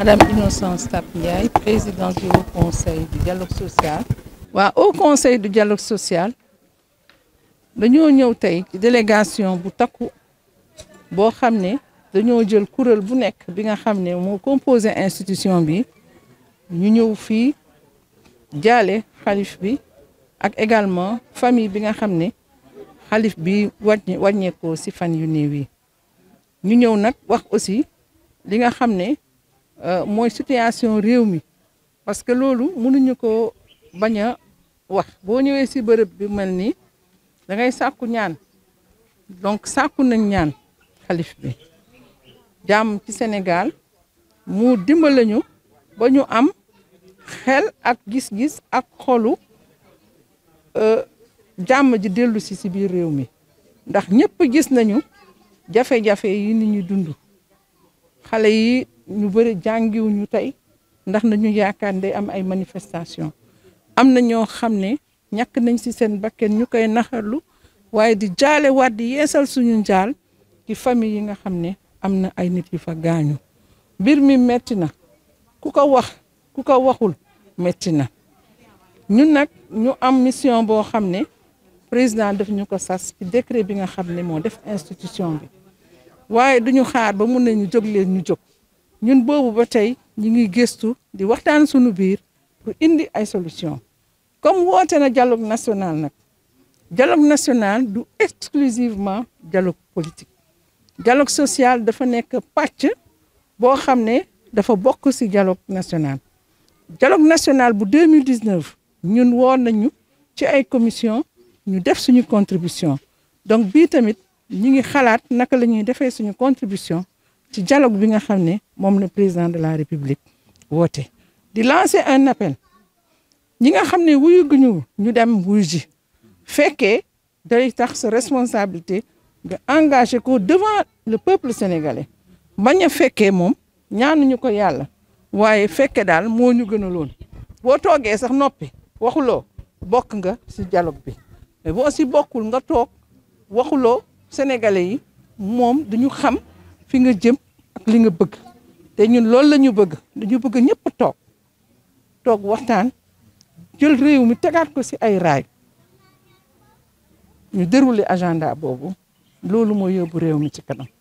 Madame Innocence Tap Ndiaye présidente du Haut Conseil du dialogue social waa Haut Conseil du dialogue social dañoo ñëw tey délégation bu takku boo xam ne dañoo jël kuréel bu nekk bi nga xam ne moo composé institution bi ñu ñëw fii jaale xalif bi ak également famille bi nga xam ne xalif bi wàññi wàññeekoo ci fan yu néew yi ñu ñëw nag wax aussi li nga xam ne Euh, mooy situation réew mi parce que loolu mënuñu ko bañ a wax boo ñëwee si bërëb bi mel nii dangay sàkku ñaan donc sàkku nañ ñaan xalif bi jàmm ci Sénégal mu dimbale ñu ba ñu am xel ak gis-gis ak xolu euh, jàmm ji dellu si si biir réew mi ndax ñëpp gis nañu jafe-jafe yi ni ñu dund xale yi ñu bëri jàngiwuñu tey ndax nañu yaakaar day am ay manifestation am na ñoo xam ne ñàkk nañ si seen bakken ñu koy naxarlu waaye di jaale waat di yeesal suñu njaal ci famille yi nga xam ne am na ay nit yu fa gaañu mbir mi metti na ku ko wax ku ko waxul metti na ñun nag ñu am mission boo xam ne président def ñu ko sas ci décret bi nga xam ne moo def institution bi waaye duñu xaar ba mun nañu jóg leen ñu jóg ñun boobu ba tey ñi ngi gëstu di waxtaan suñu biir pour indi ay solution comme woote na dialogue national nag dialogue national du exclusivement dialogue politique dialogue social dafa nekk pàcc boo xam ne dafa bokk si dialogue national dialogue national bu 2019 ñun woon nañu ci ay commission ñu def suñu contribution donc bii tamit ñi ngi xalaat naka la ñuy defee suñu contribution ci dialogue bi nga xam ne moom la président de la république woote. di lancer un appel ñi nga xam ne wuyu ñu dem wuyu ji fekkee day tax sa responsabilité nga engagé ko devant le peuple sénégalais bañ a fekkee moom ñaanuñu ko yàlla waaye fekkee daal moo ñu gën a loon boo toogee sax noppi waxuloo bokk nga si dialogue bi mais boo si bokkul nga toog waxuloo. sénégalais yi moom duñu xam fi nga jëm ak li nga bëgg te ñun loolu la ñu bëgg dañu bëgg ñëpp toog toog waxtaan jël réew mi tegaat ko si ay raay ñu dérouler agenda boobu loolu mooy yóbbu réew mi ci kanam